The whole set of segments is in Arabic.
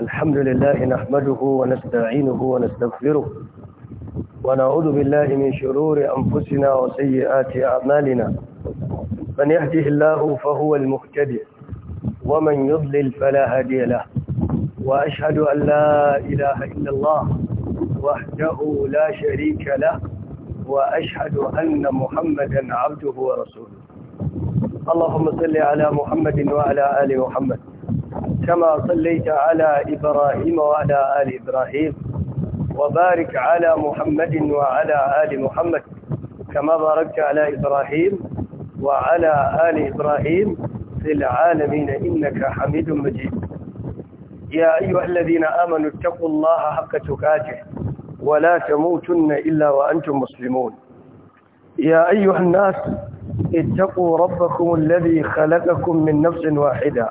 الحمد لله نحمده ونستعينه ونستغفره ونعوذ بالله من شرور أنفسنا وسيئات أعمالنا من يهده الله فهو المهتدي ومن يضلل فلا هادي له وأشهد أن لا إله إلا الله وحده لا شريك له وأشهد أن محمدا عبده ورسوله اللهم صل على محمد وعلى آل محمد كما صليت على إبراهيم وعلى آل إبراهيم وبارك على محمد وعلى آل محمد كما باركت على إبراهيم وعلى آل إبراهيم في العالمين إنك حميد مجيد يا أيها الذين آمنوا اتقوا الله حق تقاته ولا تموتن إلا وأنتم مسلمون يا أيها الناس اتقوا ربكم الذي خلقكم من نفس واحدة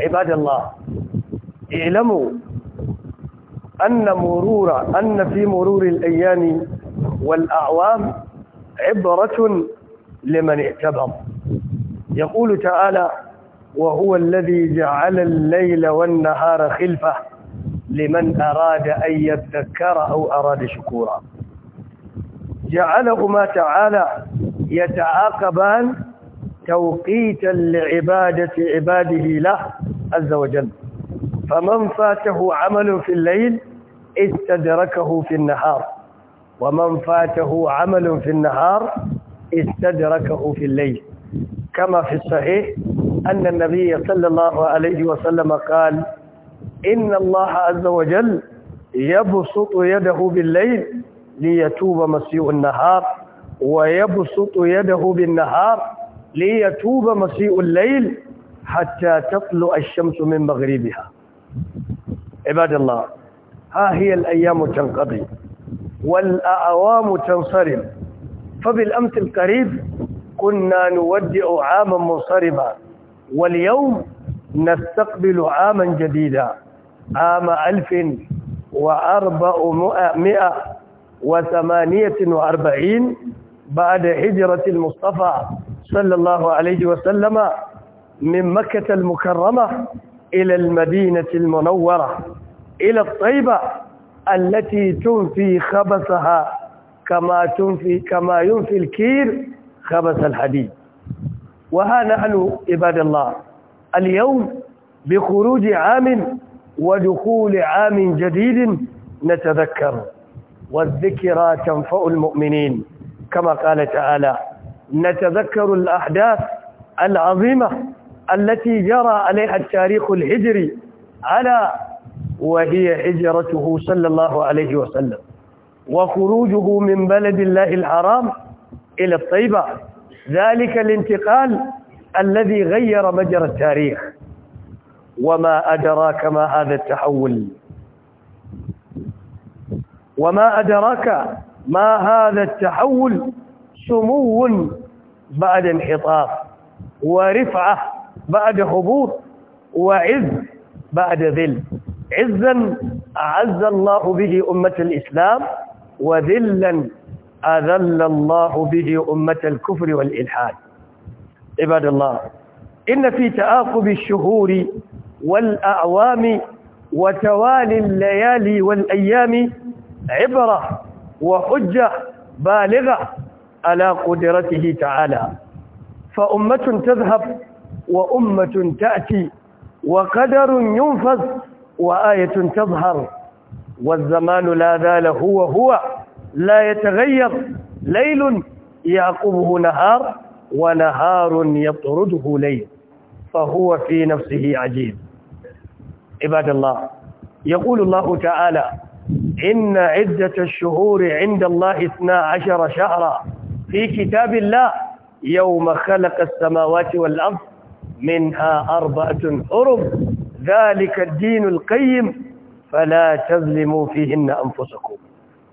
عباد الله اعلموا أن مرور أن في مرور الأيام والأعوام عبرة لمن اعتبر يقول تعالى وهو الذي جعل الليل والنهار خلفة لمن أراد أن يذكر أو أراد شكورا جعلهما تعالى يتعاقبان توقيتا لعبادة عباده له عز وجل فمن فاته عمل في الليل استدركه في النهار ومن فاته عمل في النهار استدركه في الليل كما في الصحيح أن النبي صلى الله عليه وسلم قال إن الله عز وجل يبسط يده بالليل ليتوب مسيء النهار ويبسط يده بالنهار ليتوب مسيء الليل حتى تطلع الشمس من مغربها عباد الله ها هي الأيام تنقضي والأعوام تنصرم فبالأمس القريب كنا نودع عاما منصرما واليوم نستقبل عاما جديدا عام ألف وأربعمائة وثمانية وأربعين بعد هجرة المصطفى صلى الله عليه وسلم من مكة المكرمة إلى المدينة المنورة إلى الطيبة التي تنفي خبثها كما تنفي كما ينفي الكير خبث الحديد وها نحن عباد الله اليوم بخروج عام ودخول عام جديد نتذكر والذكرى تنفع المؤمنين كما قال تعالى نتذكر الأحداث العظيمة التي جرى عليها التاريخ الهجري على وهي هجرته صلى الله عليه وسلم وخروجه من بلد الله الحرام إلى الطيبة ذلك الانتقال الذي غير مجرى التاريخ وما أدراك ما هذا التحول وما أدراك ما هذا التحول سمو بعد انحطاط ورفعة بعد هبوط وعز بعد ذل عزا أعز الله به أمة الإسلام وذلا أذل الله به أمة الكفر والإلحاد عباد الله إن في تآقب الشهور والأعوام وتوالي الليالي والأيام عبرة وحجة بالغة على قدرته تعالى فأمة تذهب وأمة تأتي وقدر ينفذ وآية تظهر والزمان لا زال هو هو لا يتغير ليل يعقبه نهار ونهار يطرده ليل فهو في نفسه عجيب عباد الله يقول الله تعالى إن عدة الشهور عند الله اثنا عشر شهرا في كتاب الله يوم خلق السماوات والأرض منها أربعة حرم ذلك الدين القيم فلا تظلموا فيهن أنفسكم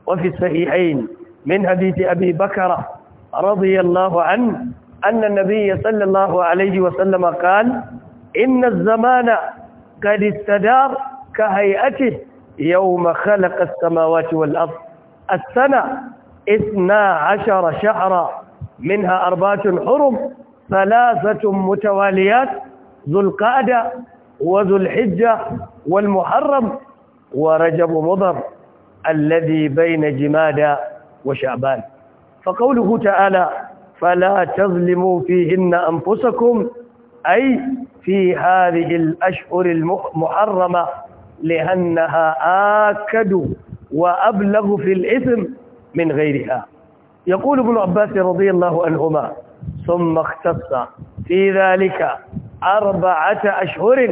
وفي الصحيحين من حديث أبي بكر رضي الله عنه أن النبي صلى الله عليه وسلم قال إن الزمان قد استدار كهيئته يوم خلق السماوات والأرض السنة اثنا عشر شهرا منها أربعة حرم ثلاثة متواليات ذو القعدة وذو الحجة والمحرم ورجب مضر الذي بين جمادى وشعبان فقوله تعالى فلا تظلموا فيهن أنفسكم أي في هذه الأشهر المحرمة لأنها آكد وأبلغ في الإثم من غيرها يقول ابن عباس رضي الله عنهما ثم اختص في ذلك أربعة أشهر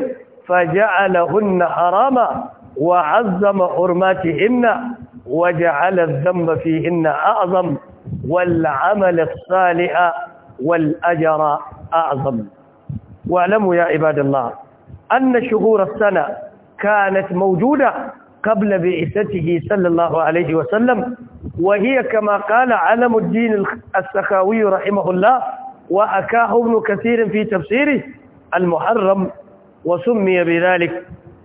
فجعلهن حراما وعظم حرماتهن وجعل الذنب فيهن أعظم والعمل الصالح والأجر أعظم واعلموا يا عباد الله أن شهور السنة كانت موجودة قبل بعثته صلى الله عليه وسلم وهي كما قال علم الدين السخاوي رحمه الله وأكاه ابن كثير في تفسيره المحرم وسمي بذلك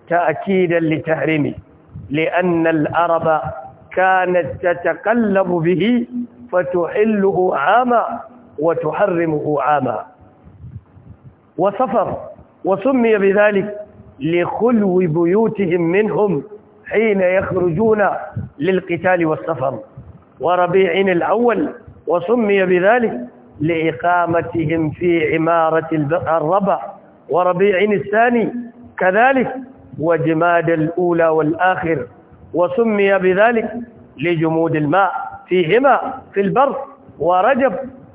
تأكيدا لتحريمه لأن العرب كانت تتقلب به فتحله عاما وتحرمه عاما وسفر وسمي بذلك لخلو بيوتهم منهم حين يخرجون للقتال والسفر وربيع الأول وسمي بذلك لإقامتهم في عمارة الربع وربيع الثاني كذلك وجماد الأولى والآخر وسمي بذلك لجمود الماء فيهما في البر ورجب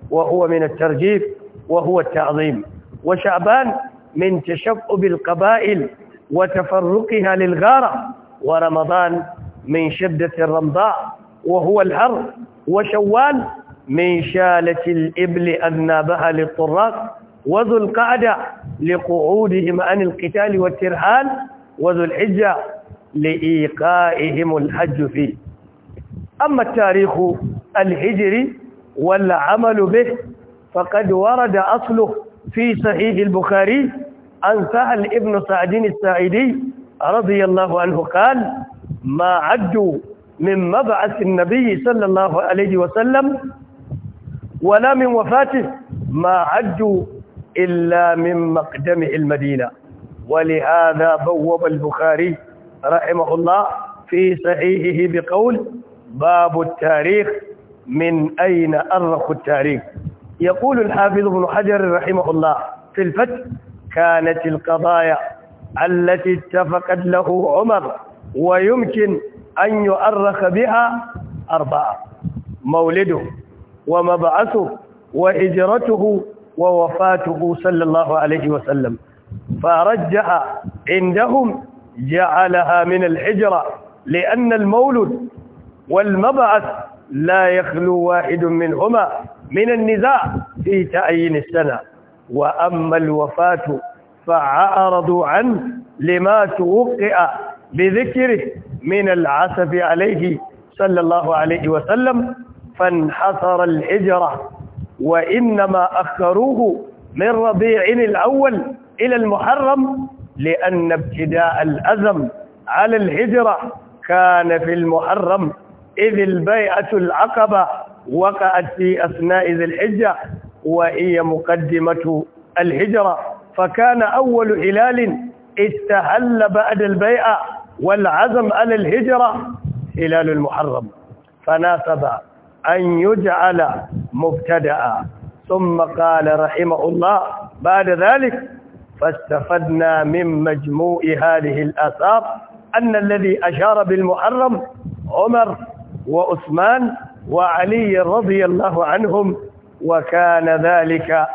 وهو من الترجيف وهو التعظيم وشعبان من تشقب القبائل وتفرقها للغارة ورمضان من شدة الرمضاء وهو الحر وشوال من شالة الإبل أذنابها للطراق وذو القعدة لقعودهم عن القتال والترحال وذو الحجة لإيقائهم الحج فيه أما التاريخ الهجري والعمل به فقد ورد أصله في صحيح البخاري عن سهل ابن سعد الساعدي رضي الله عنه قال ما عدوا من مبعث النبي صلى الله عليه وسلم ولا من وفاته ما عدوا إلا من مقدم المدينة ولهذا بوب البخاري رحمه الله في صحيحه بقول باب التاريخ من أين أرخ التاريخ يقول الحافظ ابن حجر رحمه الله في الفتح كانت القضايا التي اتفقت له عمر ويمكن أن يؤرخ بها أربعة مولده ومبعثه وهجرته ووفاته صلى الله عليه وسلم فرجع عندهم جعلها من الهجرة لأن المولد والمبعث لا يخلو واحد منهما من النزاع في تعيين السنة وأما الوفاة فعارضوا عنه لما توقع بذكره من العسف عليه صلى الله عليه وسلم فانحصر الهجرة وإنما أخروه من ربيع الأول إلى المحرم لأن ابتداء الأزم على الهجرة كان في المحرم إذ البيعة العقبة وقعت في أثناء ذي الحجة وهي مقدمة الهجرة فكان أول هلال استهل بعد البيعة والعزم على الهجرة هلال المحرم فناسب أن يجعل مبتدأ ثم قال رحمه الله بعد ذلك فاستفدنا من مجموع هذه الآثار أن الذي أشار بالمحرم عمر وعثمان وعلي رضي الله عنهم وكان ذلك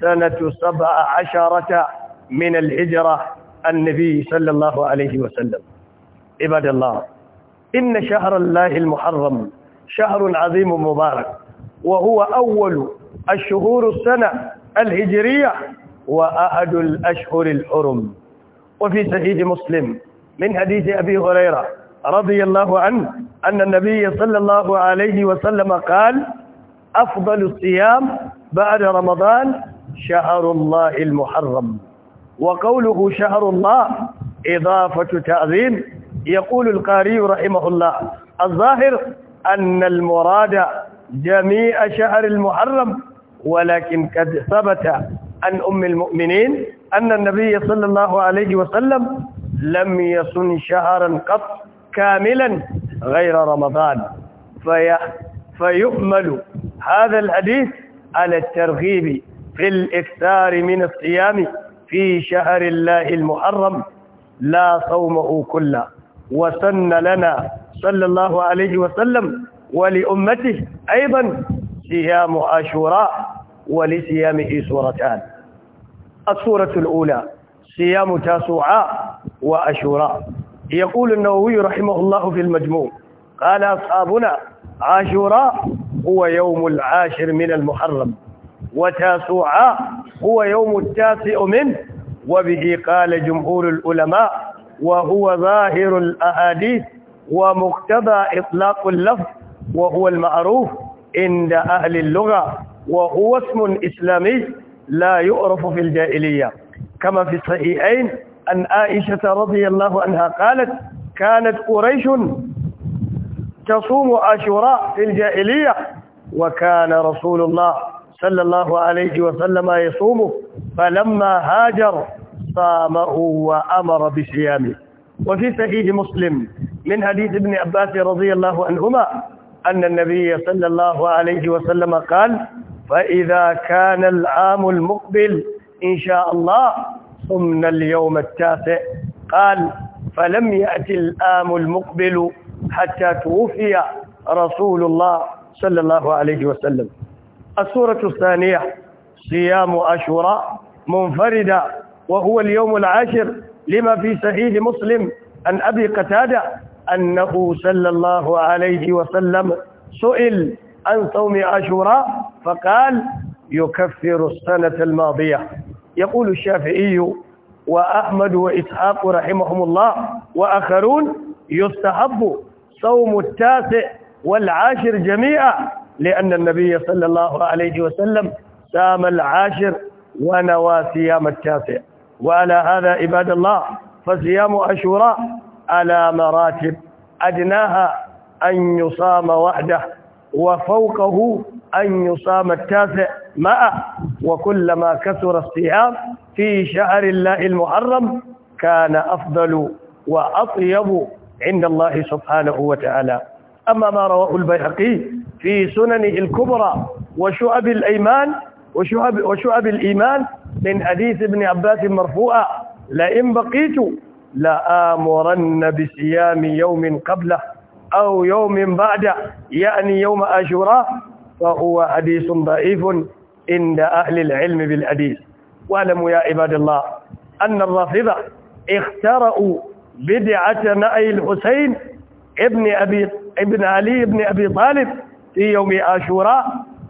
سنة سبع عشرة من الهجرة النبي صلى الله عليه وسلم عباد الله إن شهر الله المحرم شهر عظيم مبارك وهو أول الشهور السنة الهجرية وأحد الأشهر الحرم وفي صحيح مسلم من حديث أبي هريرة رضي الله عنه أن النبي صلى الله عليه وسلم قال أفضل الصيام بعد رمضان شهر الله المحرم وقوله شهر الله إضافة تعظيم يقول القاري رحمه الله الظاهر أن المراد جميع شهر المحرم ولكن قد ثبت عن أم المؤمنين أن النبي صلى الله عليه وسلم لم يصن شهرا قط كاملا غير رمضان في فيؤمل هذا الحديث على الترغيب في الإكثار من الصيام في شهر الله المحرم لا صومه كله وسن لنا صلى الله عليه وسلم ولأمته أيضا صيام عاشوراء ولصيامه سورتان الصورة الأولى صيام تاسوعاء وأشوراء يقول النووي رحمه الله في المجموع قال أصحابنا عاشوراء هو يوم العاشر من المحرم وتاسوعاء هو يوم التاسع منه وبه قال جمهور العلماء وهو ظاهر الأحاديث ومقتضى إطلاق اللفظ وهو المعروف عند أهل اللغة وهو اسم إسلامي لا يعرف في الجاهلية كما في الصحيحين أن عائشة رضي الله عنها قالت كانت قريش تصوم عاشوراء في الجاهلية وكان رسول الله صلى الله عليه وسلم يصومه فلما هاجر صامه وأمر بصيامه وفي صحيح مسلم من حديث ابن عباس رضي الله عنهما أن النبي صلى الله عليه وسلم قال فإذا كان العام المقبل إن شاء الله صمنا اليوم التاسع قال فلم يأتي العام المقبل حتى توفي رسول الله صلى الله عليه وسلم السورة الثانية صيام أشوراء منفردة وهو اليوم العاشر لما في صحيح مسلم عن أبي قتادة أنه صلى الله عليه وسلم سئل عن صوم عاشوراء فقال يكفر السنة الماضية يقول الشافعي وأحمد وإسحاق رحمهم الله وآخرون يستحب صوم التاسع والعاشر جميعا لأن النبي صلى الله عليه وسلم سام العاشر ونوى صيام التاسع وعلى هذا عباد الله فصيام أشوراء على مراتب أدناها أن يصام وحده وفوقه أن يصام التاسع معه وكلما كثر الصيام في شهر الله المحرم كان أفضل وأطيب عند الله سبحانه وتعالى أما ما رواه البيهقي في سننه الكبرى وشعب الأيمان وشعب, وشعب الإيمان من حديث ابن عباس مرفوعة لئن بقيت لآمرن بصيام يوم قبله أو يوم بعده يعني يوم أشوراء فهو حديث ضعيف عند أهل العلم بالحديث واعلموا يا عباد الله أن الرافضة اخترعوا بدعة نأي الحسين ابن أبي ابن علي بن أبي طالب في يوم آشوراء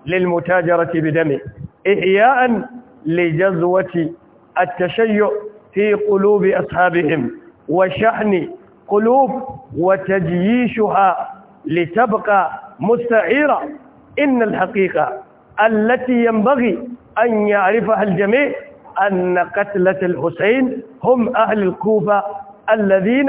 للمتاجرة بدمه إحياء لجزوة التشيع في قلوب أصحابهم وشحن قلوب وتجييشها لتبقى مستعيرة إن الحقيقة التي ينبغي أن يعرفها الجميع أن قتلة الحسين هم أهل الكوفة الذين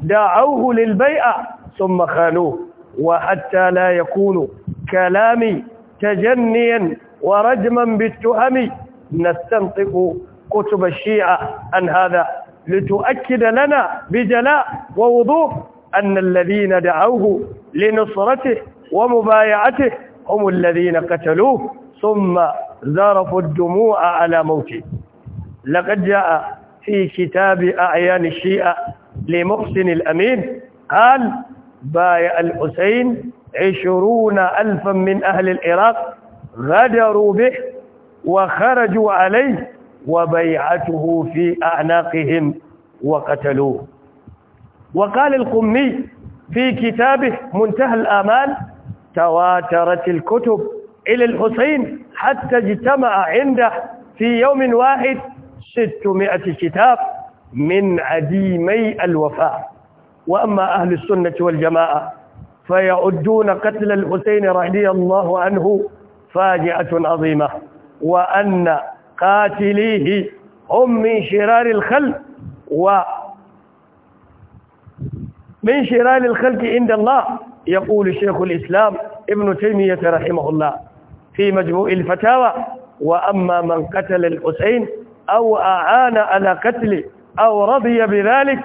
دعوه للبيعة ثم خانوه وحتى لا يكون كلامي تجنيا ورجما بالتهم نستنطق كتب الشيعة عن هذا لتؤكد لنا بجلاء ووضوح أن الذين دعوه لنصرته ومبايعته هم الذين قتلوه ثم ذرفوا الدموع على موته لقد جاء في كتاب أعيان الشيعة لمحسن الأمين قال بايع الحسين عشرون ألفا من أهل العراق غدروا به وخرجوا عليه وبيعته في أعناقهم وقتلوه وقال القمي في كتابه منتهى الآمال تواترت الكتب إلى الحسين حتى اجتمع عنده في يوم واحد ستمائة كتاب من عديمي الوفاء وأما أهل السنة والجماعة فيعدون قتل الحسين رضي الله عنه فاجعة عظيمة وأن قاتليه هم من شرار الخلق و من شرار الخلق عند الله يقول شيخ الإسلام ابن تيمية رحمه الله في مجموع الفتاوى وأما من قتل الحسين أو أعان على قتله أو رضي بذلك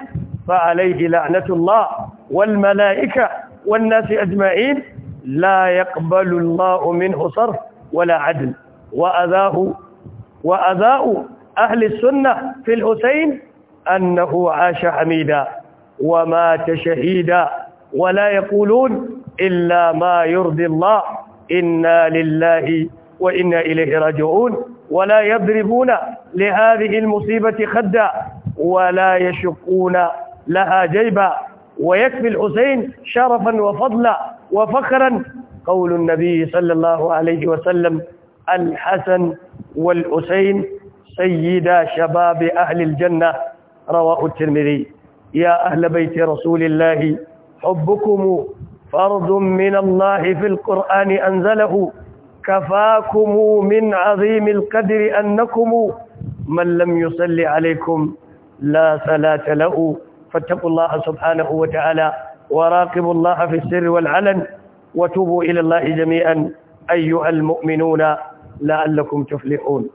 فعليه لعنة الله والملائكة والناس أجمعين لا يقبل الله منه صرف ولا عدل وأذاه وأباء أهل السنة في الحسين أنه عاش حميدا ومات شهيدا ولا يقولون إلا ما يرضي الله إنا لله وإنا إليه راجعون ولا يضربون لهذه المصيبة خدا ولا يشقون لها جيبا ويكفي الحسين شرفا وفضلا وفخرا قول النبي صلى الله عليه وسلم الحسن والحسين سيدا شباب أهل الجنة رواه الترمذي يا أهل بيت رسول الله حبكم فرض من الله في القرآن أنزله كفاكم من عظيم القدر أنكم من لم يصلي عليكم لا صلاة له فاتقوا الله سبحانه وتعالى وراقبوا الله في السر والعلن وتوبوا إلى الله جميعا أيها المؤمنون لعلكم تفلحون